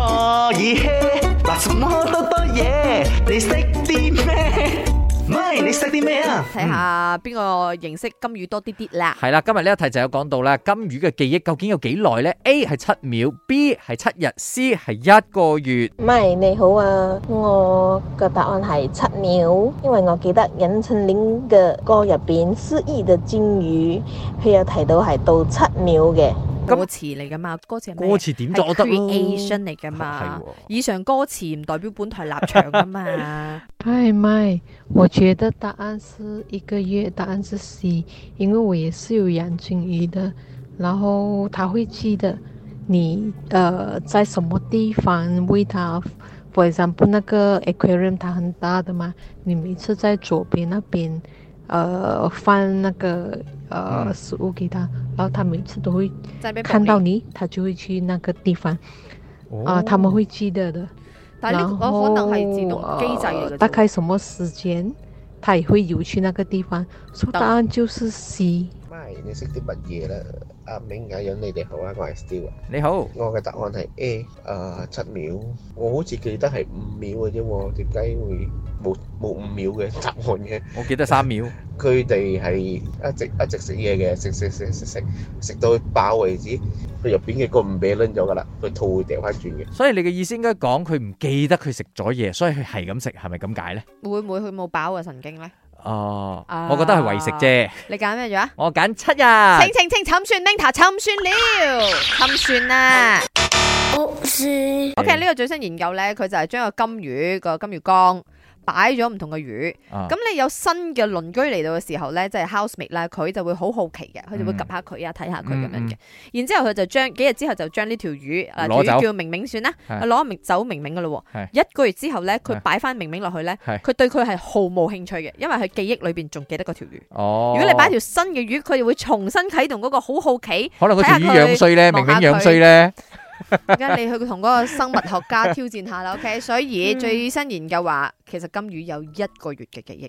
多耳起，嗱，什麼都多嘢？你識啲咩？唔係，你識啲咩啊？睇下邊個認識金魚多啲啲啦。係啦，今日呢一題就有講到啦，金魚嘅記憶究竟有幾耐咧？A 係七秒，B 係七日，C 係一個月。唔係，你好啊，我嘅答案係七秒，因為我記得尹春玲嘅歌入邊《失意的金魚》，佢有提到係到七秒嘅。歌詞嚟㗎嘛？歌詞係咪？歌詞點作得咯？Creation 嚟㗎嘛？哦、以上歌詞唔代表本台立場啊嘛。係咪？我覺得答案是一個月，答案是 C，因為我也是有養金魚的，然後他會記得你呃在什麼地方為他，for example，那個 aquarium，它很大的嘛，你每次在左邊那邊，呃放那個呃食物給他。然後他每次都會看到你，他就會去那個地方。啊，他們會記得的。然後大概什麼時間，他也會游去那個地方。答案就是 C。唔係，你識啲乜嘢咧？阿明，阿勇，你哋好啊！我係 Steve。你好。我嘅答案係 A。啊，七秒。我好似記得係五秒嘅啫，點解會冇冇五秒嘅答案嘅？我記得三秒。佢哋係一直一直食嘢嘅，食食食食食食到飽為止，佢入邊嘅骨唔俾拎咗噶啦，佢肚會掉翻轉嘅。所以你嘅意思應該講佢唔記得佢食咗嘢，所以佢係咁食，係咪咁解咧？會唔會佢冇飽嘅神經咧？哦，我覺得係為食啫。你揀咩咗？我揀七日。清清清，沉船，Ninta 沉船了，沉船啊！O.K. 呢個最新研究咧，佢就係將個金魚個金魚缸。擺咗唔同嘅魚，咁、啊、你有新嘅鄰居嚟到嘅時候咧，即、就、係、是、housemate 啦，佢就會好好奇嘅，佢就會 𥄫 下佢啊，睇下佢咁樣嘅。看看嗯、然之後佢就將幾日之後就將呢條魚，走啊、條魚叫明明算啦，攞是走明明噶咯。是一個月之後咧，佢擺翻明明落去咧，佢是對佢係毫冇興趣嘅，因為佢記憶裏邊仲記得嗰條魚。哦，如果你擺條新嘅魚，佢就會重新啟動嗰個好好奇。看看可能條魚樣衰咧，明明樣衰咧。而家你去同嗰個生物學家挑戰下啦 ，OK？所以最新研究話，其實金魚有一個月嘅記憶。